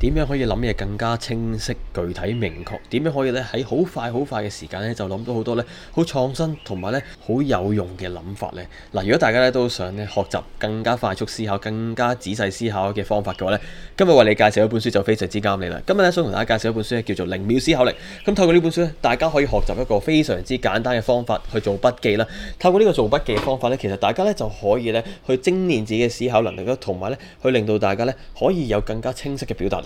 點樣可以諗嘢更加清晰、具體、明確？點樣可以咧喺好快、好快嘅時間咧就諗到好多咧好創新同埋咧好有用嘅諗法咧？嗱，如果大家咧都想咧學習更加快速思考、更加仔細思考嘅方法嘅話咧，今日為你介紹一本書就非常之啱你啦。今日咧想同大家介紹一本書咧叫做《零秒思考力》。咁透過呢本書咧，大家可以學習一個非常之簡單嘅方法去做筆記啦。透過呢個做筆記嘅方法咧，其實大家咧就可以咧去精練自己嘅思考能力啦，同埋咧去令到大家咧可以有更加清晰嘅表達。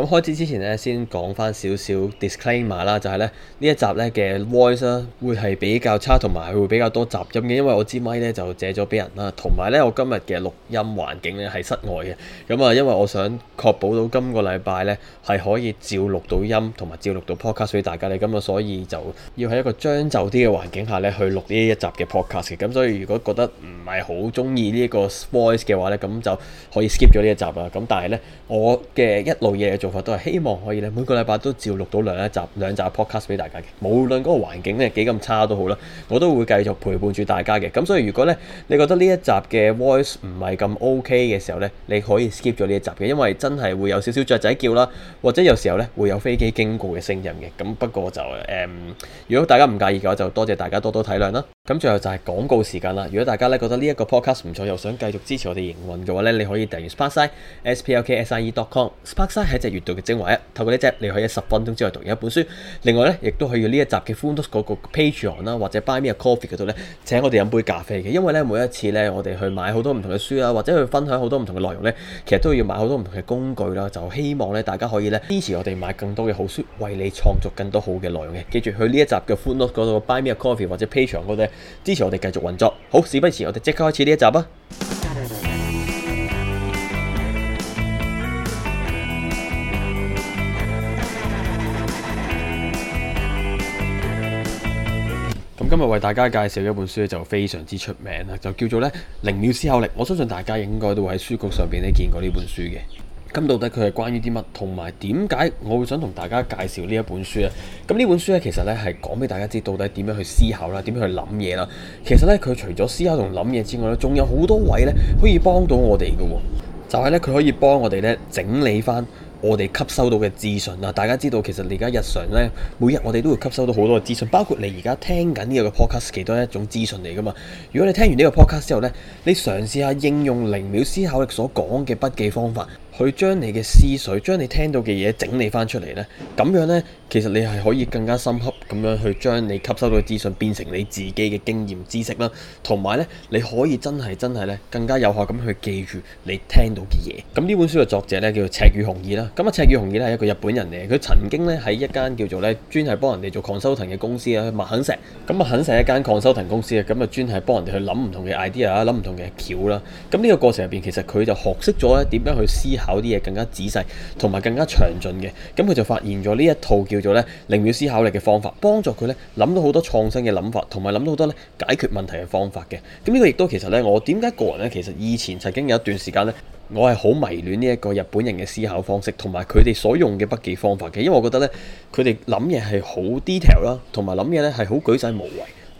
咁開始之前咧，先講翻少少 disclaimer 啦，就係咧呢一集咧嘅 voice 咧會係比較差，同埋會比較多雜音嘅，因為我支咪咧就借咗俾人啦。同埋咧，我今日嘅錄音環境咧係室外嘅。咁啊，因為我想確保到今個禮拜咧係可以照錄到音，同埋照錄到 podcast，所以大家咧咁啊，所以就要喺一個將就啲嘅環境下咧去錄呢一集嘅 podcast 嘅。咁所以如果覺得唔係好中意呢個 voice 嘅話咧，咁就可以 skip 咗呢一集啦。咁但係咧，我嘅一路嘢都係希望可以咧，每個禮拜都照錄到兩一集兩集 podcast 俾大家嘅。無論嗰個環境咧幾咁差都好啦，我都會繼續陪伴住大家嘅。咁所以如果咧，你覺得呢一集嘅 voice 唔係咁 OK 嘅時候咧，你可以 skip 咗呢一集嘅，因為真係會有少少雀仔叫啦，或者有時候咧會有飛機經過嘅聲音嘅。咁不過就誒、呃，如果大家唔介意嘅話，就多謝大家多多體諒啦。咁最後就係廣告時間啦！如果大家咧覺得呢一個 podcast 唔錯，又想繼續支持我哋營運嘅話咧，你可以訂閱 Sparkside s p l k s i e dot com。Sparkside 係一隻閲讀嘅精華，透過呢隻你可以喺十分鐘之內讀完一本書。另外咧，亦都可以喺呢一集嘅 Full Note 嗰個 Patreon 啦，或者 Buy Me a Coffee 嗰度咧請我哋飲杯咖啡嘅。因為咧每一次咧我哋去買好多唔同嘅書啦，或者去分享好多唔同嘅內容咧，其實都要買好多唔同嘅工具啦。就希望咧大家可以咧支持我哋買更多嘅好書，為你創作更多好嘅內容嘅。記住去呢一集嘅 Full Note 嗰度 Buy Me a Coffee 或者 Patreon 嗰度。支持我哋繼續運作，好，事不宜遲，我哋即刻開始呢一集啊！咁今日為大家介紹一本書，就非常之出名啦，就叫做咧《零秒思考力》，我相信大家應該都會喺書局上邊咧見過呢本書嘅。咁到底佢係關於啲乜？同埋點解我會想同大家介紹呢一本書啊？咁呢本書咧，其實咧係講俾大家知到底點樣去思考啦，點樣去諗嘢啦。其實咧，佢除咗思考同諗嘢之外咧，仲有好多位咧可以幫到我哋嘅喎。就係咧，佢可以幫我哋咧整理返我哋吸收到嘅資訊啊。大家知道其實你而家日常咧，每日我哋都會吸收到好多嘅資訊，包括你而家聽緊呢個 podcast，其實都係一種資訊嚟噶嘛。如果你聽完呢個 podcast 之後咧，你嘗試下應用零秒思考力所講嘅筆記方法。.佢將你嘅思緒，將你聽到嘅嘢整理翻出嚟呢。咁樣呢，其實你係可以更加深刻咁樣去將你吸收到嘅資訊變成你自己嘅經驗知識啦，同埋呢，你可以真係真係呢，更加有效咁去記住你聽到嘅嘢。咁呢本書嘅作者呢，叫做赤羽弘二啦，咁啊赤羽弘二呢係一個日本人嚟嘅，佢曾經呢喺一間叫做呢專係幫人哋做 consulting 嘅公司啊，麥肯錫，咁啊肯錫一間 consulting 公司啊，咁啊專係幫人哋去諗唔同嘅 idea，諗唔同嘅橋啦。咁、這、呢個過程入邊，其實佢就學識咗呢點樣去思考。有啲嘢更加仔細，同埋更加詳盡嘅，咁佢就發現咗呢一套叫做咧零秒思考力嘅方法，幫助佢咧諗到好多創新嘅諗法，同埋諗到好多咧解決問題嘅方法嘅。咁呢個亦都其實咧，我點解個人咧，其實以前曾經有一段時間咧，我係好迷戀呢一個日本人嘅思考方式，同埋佢哋所用嘅筆記方法嘅，因為我覺得咧佢哋諗嘢係好 detail 啦，同埋諗嘢咧係好鉅細無遺。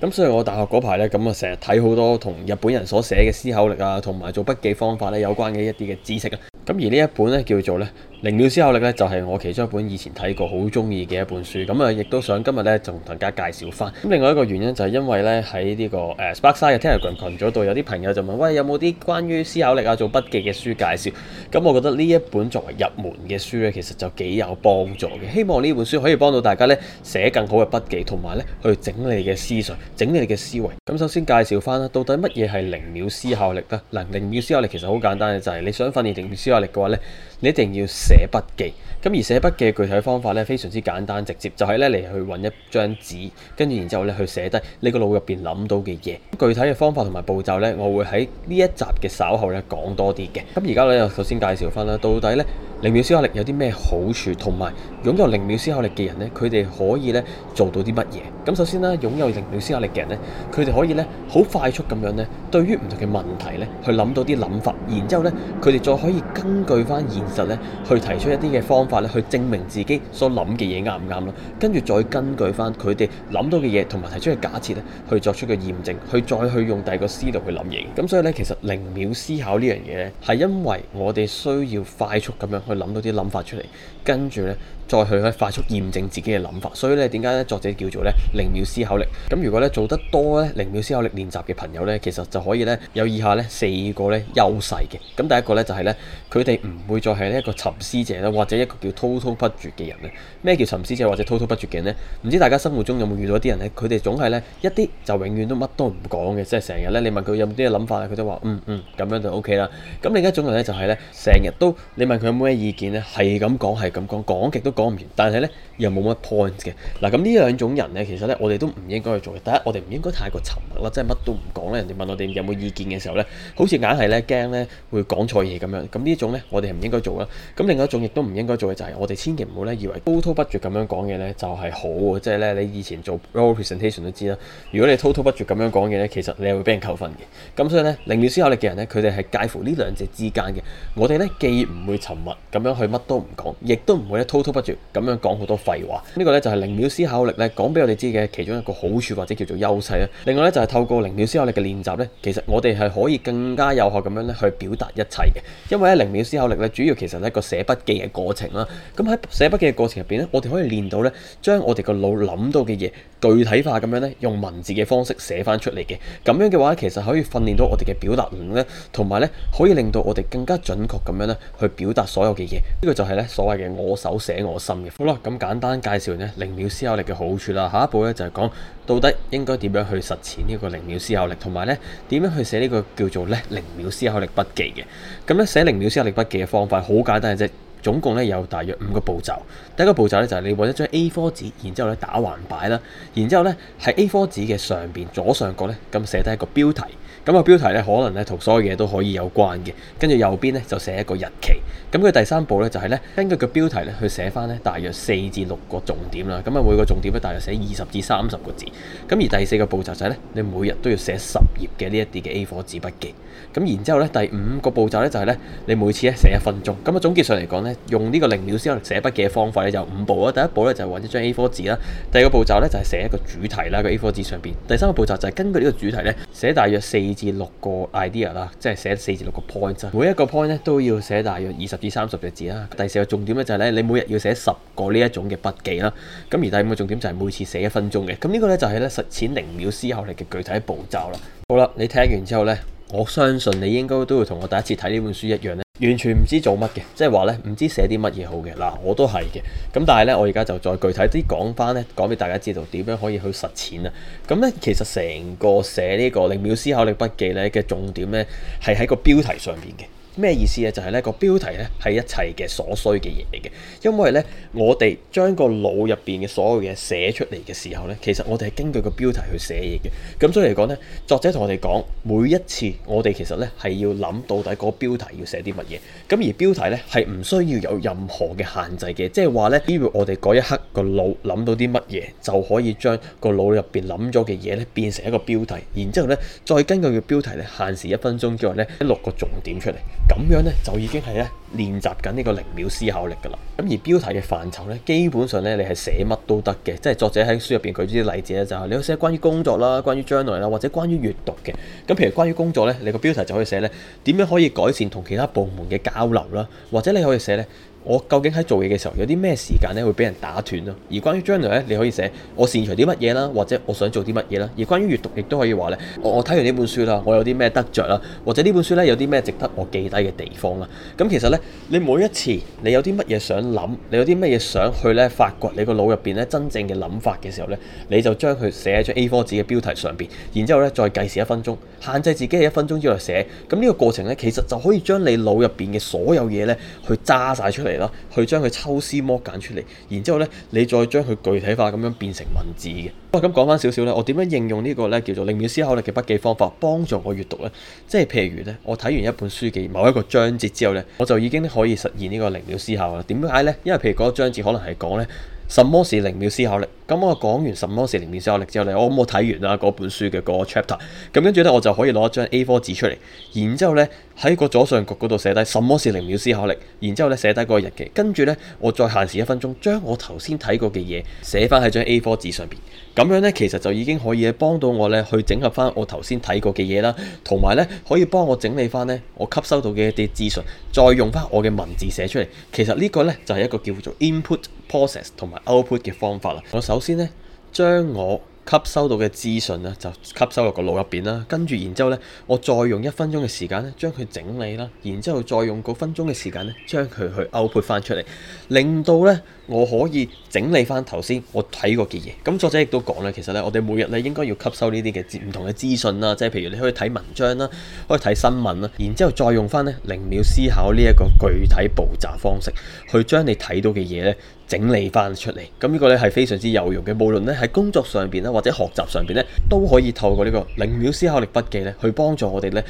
咁所以我大學嗰排咧，咁啊成日睇好多同日本人所寫嘅思考力啊，同埋做筆記方法咧有關嘅一啲嘅知識啊。咁而呢一本咧叫做咧零秒思考力咧，就係我其中一本以前睇過好中意嘅一本書。咁啊，亦都想今日咧，就同大家介紹翻。咁另外一個原因就係因為咧喺呢個誒 Spark Size 嘅 Telegram 群組度，有啲朋友就問：喂，有冇啲關於思考力啊、做筆記嘅書介紹？咁我覺得呢一本作為入門嘅書咧，其實就幾有幫助嘅。希望呢本書可以幫到大家咧，寫更好嘅筆記，同埋咧去整理你嘅思想、整理你嘅思維。咁首先介紹翻啦，到底乜嘢係零秒思考力咧？嗱，零秒思考力其實好簡單嘅，就係你想訓練定思力嘅話咧，你一定要寫筆記。咁而寫筆記嘅具體方法咧，非常之簡單直接，就係咧你去揾一張紙，跟住然之後咧去寫低你個腦入邊諗到嘅嘢。具體嘅方法同埋步驟呢，我會喺呢一集嘅稍後咧講多啲嘅。咁而家咧，又首先介紹翻啦，到底呢。零秒思考力有啲咩好處？同埋擁有零秒思考力嘅人呢，佢哋可以咧做到啲乜嘢？咁首先啦，擁有零秒思考力嘅人呢，佢哋可以咧好快速咁樣咧，對於唔同嘅問題咧，去諗到啲諗法，然之後呢，佢哋再可以根據翻現實咧，去提出一啲嘅方法咧，去證明自己所諗嘅嘢啱唔啱咯。跟住再根據翻佢哋諗到嘅嘢，同埋提出嘅假設咧，去作出個驗證，去再去用第二個思路去諗嘢。咁所以呢，其實零秒思考呢樣嘢呢，係因為我哋需要快速咁樣。去諗到啲諗法出嚟，跟住咧，再去快速驗證自己嘅諗法，所以咧點解咧作者叫做咧零秒思考力？咁如果咧做得多咧零秒思考力練習嘅朋友咧，其實就可以咧有以下咧四個咧優勢嘅。咁第一個咧就係咧佢哋唔會再係咧一個沉思者啦，或者一個叫滔滔不絕嘅人啦。咩叫沉思者或者滔滔不絕嘅人咧？唔知大家生活中有冇遇到啲人咧？佢哋總係咧一啲就永遠都乜都唔講嘅，即係成日咧你問佢有冇啲嘅諗法啊，佢都話嗯嗯咁樣就 OK 啦。咁另一種人咧就係咧成日都你問佢有冇咩意見咧，係咁講係咁講講極都，但係咧又冇乜 point 嘅嗱，咁、啊、呢兩種人咧，其實咧我哋都唔應該去做嘅。第一，我哋唔應該太過沉默啦，即係乜都唔講咧。人哋問我哋有冇意見嘅時候咧，好似硬係咧驚咧會講錯嘢咁樣。咁呢一種咧，我哋係唔應該做啦。咁另外一種亦都唔應該做嘅就係、是、我哋千祈唔好咧以為滔滔不絕咁樣講嘢咧就係好嘅，即係咧你以前做 presentation 都知啦。如果你滔滔不絕咁樣講嘢咧，其實你係會俾人扣分嘅。咁所以咧，靈驗思考力嘅人咧，佢哋係介乎呢兩者之間嘅。我哋咧既唔會沉默咁樣去乜都唔講，亦都唔會咧滔滔不絕。咁樣講好多廢話，呢、呢個呢就係、是、零秒思考力呢講俾我哋知嘅其中一個好處或者叫做優勢啦。另外呢，就係、是、透過零秒思考力嘅練習呢，其實我哋係可以更加有效咁樣呢去表達一切嘅。因為呢，零秒思考力呢主要其實係一個寫筆記嘅過程啦。咁喺寫筆記嘅過程入邊呢，我哋可以練到呢，將我哋個腦諗到嘅嘢。具體化咁樣咧，用文字嘅方式寫翻出嚟嘅，咁樣嘅話其實可以訓練到我哋嘅表達能力，同埋咧可以令到我哋更加準確咁樣咧去表達所有嘅嘢。呢個就係咧所謂嘅我手寫我心嘅。好啦，咁簡單介紹呢零秒思考力嘅好處啦，下一步咧就係講到底應該點樣去實踐呢個零秒思考力，同埋咧點樣去寫呢個叫做咧零秒思考力筆記嘅。咁咧寫零秒思考力筆記嘅方法好簡單啫。總共咧有大約五個步驟。第一個步驟咧就係你揾一張 A4 紙，然之後咧打橫擺啦，然之後咧喺 A4 紙嘅上邊左上角咧咁寫低一個標題。咁啊，個標題咧可能咧同所有嘢都可以有關嘅，跟住右邊咧就寫一個日期。咁、那、佢、個、第三步咧就係、是、咧根據個標題咧去寫翻咧大約四至六個重點啦。咁啊，每個重點咧大約寫二十至三十個字。咁而第四個步驟就係咧你每日都要寫十頁嘅呢一啲嘅 A4 紙筆記。咁然之後咧第五個步驟咧就係咧你每次咧寫一分鐘。咁啊總結上嚟講咧，用呢個零秒思考嚟寫筆記嘅方法咧就有五步啦。第一步咧就揾、是、一張 A4 紙啦。第二個步驟咧就係、是、寫一個主題啦，個 A4 紙上邊。第三個步驟就係根據呢個主題咧寫大約四至六個 idea 啦，即係寫四至六個 point。每一個 point 咧都要寫大約二十至三十隻字啦。第四個重點咧就係咧，你每日要寫十個呢一種嘅筆記啦。咁而第五個重點就係每次寫一分鐘嘅。咁呢個咧就係咧實踐零秒思考力嘅具體步驟啦。好啦，你聽完之後咧，我相信你應該都會同我第一次睇呢本書一樣咧。完全唔知做乜嘅，即係話咧，唔知寫啲乜嘢好嘅。嗱，我都係嘅。咁但係咧，我而家就再具體啲講返咧，講俾大家知道點樣可以去實踐啊。咁、嗯、咧，其實成個寫呢、呢個零秒思考力筆記咧嘅重點咧，係喺個標題上邊嘅。咩意思咧？就係、是、咧個標題咧係一切嘅所需嘅嘢嚟嘅，因為咧我哋將個腦入邊嘅所有嘢寫出嚟嘅時候咧，其實我哋係根據個標題去寫嘢嘅。咁所以嚟講咧，作者同我哋講，每一次我哋其實咧係要諗到底個標題要寫啲乜嘢。咁而標題咧係唔需要有任何嘅限制嘅，即係話咧，只要我哋嗰一刻，個腦諗到啲乜嘢，就可以將個腦入邊諗咗嘅嘢咧變成一個標題，然之後咧再根據個標題咧限時一分鐘之內咧，錄六個重點出嚟。咁樣咧就已經係咧練習緊呢個零秒思考力㗎啦。咁而標題嘅範疇咧，基本上咧你係寫乜都得嘅。即係作者喺書入邊舉啲例子咧，就係你可以寫關於工作啦、關於將來啦，或者關於閱讀嘅。咁譬如關於工作咧，你個標題就可以寫咧點樣可以改善同其他部門嘅交流啦，或者你可以寫咧。我究竟喺做嘢嘅時候有啲咩時間咧會俾人打斷咯、啊？而關於將來咧，你可以寫我擅長啲乜嘢啦，或者我想做啲乜嘢啦。而關於閲讀，亦都可以話咧，我睇完呢本書啦，我有啲咩得着啦、啊，或者呢本書咧有啲咩值得我記低嘅地方啦、啊。咁、嗯、其實咧，你每一次你有啲乜嘢想諗，你有啲乜嘢想去咧發掘你個腦入邊咧真正嘅諗法嘅時候咧，你就將佢寫喺張 A4 紙嘅標題上邊，然之後咧再計時一分鐘，限制自己係一分鐘之內寫。咁呢個過程咧，其實就可以將你腦入邊嘅所有嘢咧去揸晒出嚟。嚟啦，去將佢抽絲剝繭出嚟，然之後咧，你再將佢具體化咁樣變成文字嘅。不過咁講翻少少呢，我點樣應用呢個呢，叫做零秒思考力嘅筆記方法幫助我閱讀呢？即係譬如呢，我睇完一本書嘅某一個章節之後呢，我就已經可以實現呢個零秒思考啦。點解呢？因為譬如嗰個章節可能係講呢。什麼是零秒思考力？咁、嗯、我講完什麼是零秒思考力之後呢，我冇睇、嗯、完啦嗰本書嘅嗰個 chapter。咁跟住呢，我就可以攞一張 A4 紙出嚟，然之後呢，喺個左上角嗰度寫低什麼是零秒思考力，然之後呢，寫低嗰個日期。跟住呢，我再限時一分鐘將我頭先睇過嘅嘢寫翻喺張 A4 紙上邊。咁樣呢，其實就已經可以幫到我呢，去整合翻我頭先睇過嘅嘢啦，同埋呢，可以幫我整理翻呢，我吸收到嘅一啲資訊，再用翻我嘅文字寫出嚟。其實呢個呢，就係、是、一個叫做 input process 同埋。output 嘅方法啦，我首先咧，將我吸收到嘅資訊咧，就吸收入個腦入邊啦，跟住然之後咧，我再用一分鐘嘅時間咧，將佢整理啦，然之後再用個分鐘嘅時間咧，將佢去 output 翻出嚟，令到咧，我可以整理翻頭先我睇過嘅嘢。咁作者亦都講咧，其實咧，我哋每日咧，應該要吸收呢啲嘅唔同嘅資訊啦，即係譬如你可以睇文章啦，可以睇新聞啦，然之後再用翻咧，零秒思考呢一個具體步驟方式去將你睇到嘅嘢咧。整理翻出嚟，咁呢個呢係非常之有用嘅。無論呢喺工作上邊呢，或者學習上邊呢，都可以透過呢個零秒思考力筆記呢，去幫助我哋呢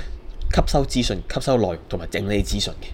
吸收資訊、吸收內容同埋整理資訊嘅。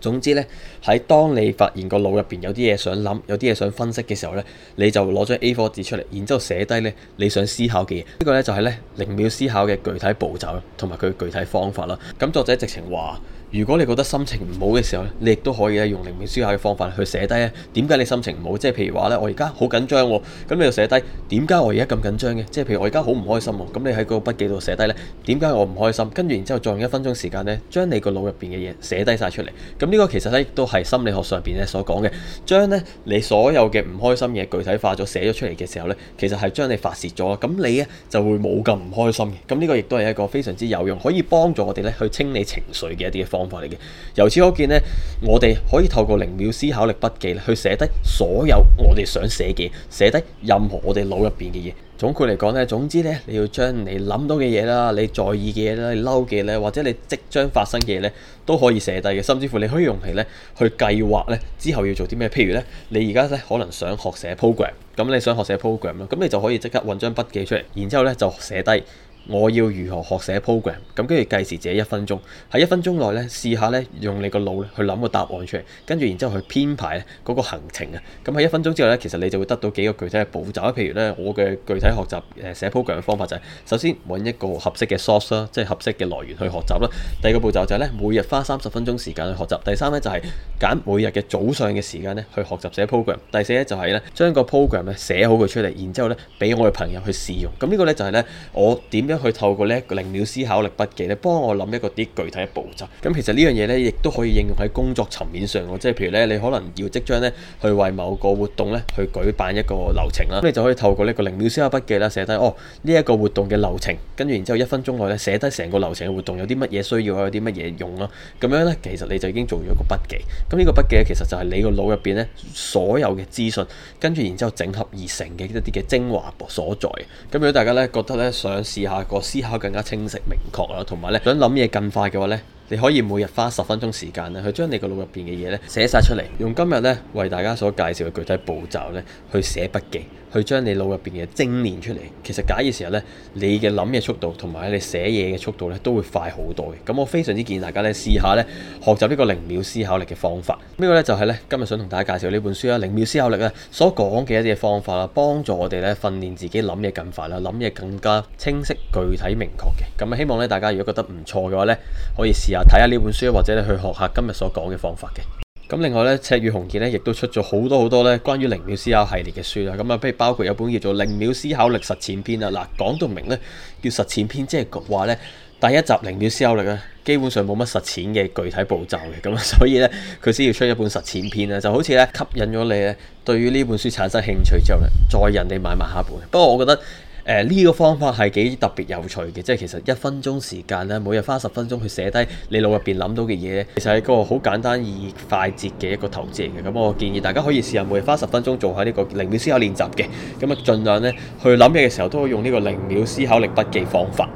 總之呢，喺當你發現個腦入邊有啲嘢想諗，有啲嘢想分析嘅時候呢，你就攞張 A4 紙出嚟，然之後寫低呢你想思考嘅嘢。呢、呢個呢就係呢零秒思考嘅具體步驟同埋佢具體方法啦。咁作者直情話。如果你覺得心情唔好嘅時候咧，你亦都可以咧用靈性書寫嘅方法去寫低咧點解你心情唔好？即係譬如話呢，我而家好緊張喎，咁你就寫低點解我而家咁緊張嘅？即係譬如我而家好唔開心喎，咁你喺嗰個筆記度寫低呢，點解我唔開心？跟住然之後再用一分鐘時間呢，將你個腦入邊嘅嘢寫低晒出嚟。咁呢個其實呢，亦都係心理學上邊咧所講嘅，將呢，你所有嘅唔開心嘢具體化咗寫咗出嚟嘅時候呢，其實係將你發泄咗，咁你呢，就會冇咁唔開心嘅。咁呢個亦都係一個非常之有用，可以幫助我哋呢去清理情緒嘅一啲。方法嚟嘅，由此可見呢，我哋可以透過零秒思考力筆記去寫低所有我哋想寫嘅，寫低任何我哋腦入邊嘅嘢。總括嚟講呢，總之呢，你要將你諗到嘅嘢啦，你在意嘅嘢啦，你嬲嘅咧，或者你即將發生嘅嘢呢，都可以寫低嘅。甚至乎你可以用嚟呢去計劃呢之後要做啲咩。譬如呢，你而家呢可能想學寫 program，咁你想學寫 program 啦，咁你就可以即刻揾張筆記出嚟，然之後呢就寫低。我要如何學寫 program？咁跟住計時自己一分鐘，喺一分鐘內呢試下呢用你個腦去諗個答案出嚟，跟住然之後去編排嗰個行程啊。咁喺一分鐘之後呢其實你就會得到幾個具體嘅步驟啦。譬如呢，我嘅具體學習誒寫、呃、program 嘅方法就係首先揾一個合適嘅 source，即係合適嘅來源去學習啦。第二個步驟就係呢，每日花三十分鐘時間去學習，第三呢就係揀每日嘅早上嘅時間呢去學習寫 program。第四呢就係呢，將個 program 呢寫好佢出嚟，然之後呢俾我嘅朋友去試用。咁呢個呢就係呢我點樣去透過呢一個零秒思考力筆記咧，幫我諗一個啲具體嘅步驟。咁其實呢樣嘢咧，亦都可以應用喺工作層面上咯。即係譬如咧，你可能要即將咧去為某個活動咧去舉辦一個流程啦，咁你就可以透過呢一個零秒思考筆記啦，寫低哦呢一個活動嘅流程，跟住然之後一分鐘內咧寫低成個流程嘅活動有啲乜嘢需要，有啲乜嘢用囉。咁樣咧，其實你就已經做咗一個筆記。咁呢個筆記咧，其實就係你個腦入邊咧所有嘅資訊，跟住然之後整合而成嘅一啲嘅精華所在。咁如果大家咧覺得咧想試下。個思考更加清晰明確啊，同埋咧想諗嘢更快嘅話咧，你可以每日花十分鐘時間咧，去將你個腦入邊嘅嘢咧寫晒出嚟，用今日咧為大家所介紹嘅具體步驟咧去寫筆記。去將你腦入邊嘅精煉出嚟，其實假嘅時候呢，你嘅諗嘢速度同埋你寫嘢嘅速度呢，都會快好多嘅。咁我非常之建議大家呢，試下呢，學習呢個零秒思考力嘅方法。呢個呢，就係呢，今日想同大家介紹呢本書啦。零秒思考力呢所講嘅一啲方法啦，幫助我哋呢訓練自己諗嘢更快啦，諗嘢更加清晰、具體、明確嘅。咁希望呢，大家如果覺得唔錯嘅話呢，可以試下睇下呢本書，或者去學下今日所講嘅方法嘅。咁另外咧，赤羽鴻傑咧，亦都出咗好多好多咧，關於零秒思考系列嘅書啦。咁啊，比如包括有本叫做《零秒思考力實踐篇》啦。嗱，講到明咧，叫實踐篇，即係話咧，第一集零秒思考力咧，基本上冇乜實踐嘅具體步驟嘅。咁啊，所以咧，佢先要出一本實踐篇啦，就好似咧，吸引咗你咧，對於呢本書產生興趣之後咧，再人哋買埋下一,一本。不過我覺得。誒呢、呃這個方法係幾特別有趣嘅，即係其實一分鐘時間咧，每日花十分鐘去寫低你腦入邊諗到嘅嘢，其實係一個好簡單易快捷嘅一個投資嚟嘅。咁我建議大家可以試下每日花十分鐘做下呢個零秒思考練習嘅，咁啊盡量咧去諗嘢嘅時候都可以用呢個零秒思考力筆記方法。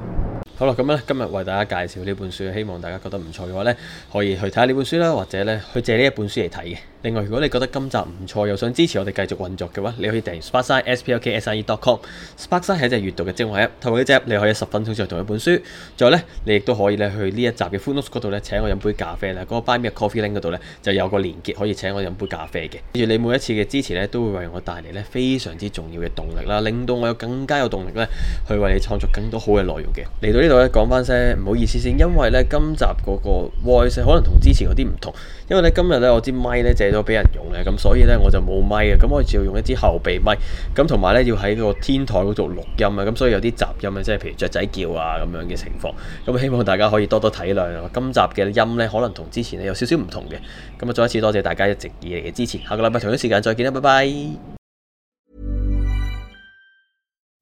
好啦，咁咧今日為大家介紹呢本書，希望大家覺得唔錯嘅話呢，可以去睇下呢本書啦，或者呢，去借呢一本書嚟睇嘅。另外，如果你覺得今集唔錯，又想支持我哋繼續運作嘅話，你可以訂 s p a r k s e S P o K S I E d o com。Sparkside 係一隻閲讀嘅精華一，透過呢隻你可以十分鐘就同一本書。再呢，你亦都可以咧去呢一集嘅 f u n o t s 嗰度呢，請我飲杯咖啡啦。嗰個 Buy Me a Coffee link 嗰度呢，就有個連結可以請我飲杯咖啡嘅。跟住你每一次嘅支持呢，都會為我帶嚟呢非常之重要嘅動力啦，令到我有更加有動力呢，去為你創作更多好嘅內容嘅。嚟到呢～講翻聲唔好意思先，因為呢，今集嗰個 voice 可能同之前嗰啲唔同，因為呢，今日呢，我支咪呢借咗俾人用呢，咁所以呢，我就冇咪嘅，咁我就要用一支後備咪，咁同埋呢，要喺個天台嗰度錄音啊，咁所以有啲雜音啊，即係譬如雀仔叫啊咁樣嘅情況，咁希望大家可以多多體諒啊，今集嘅音呢，可能同之前有少少唔同嘅，咁啊再一次多謝大家一直以嚟嘅支持，下個禮拜同一時間再見啦，拜拜。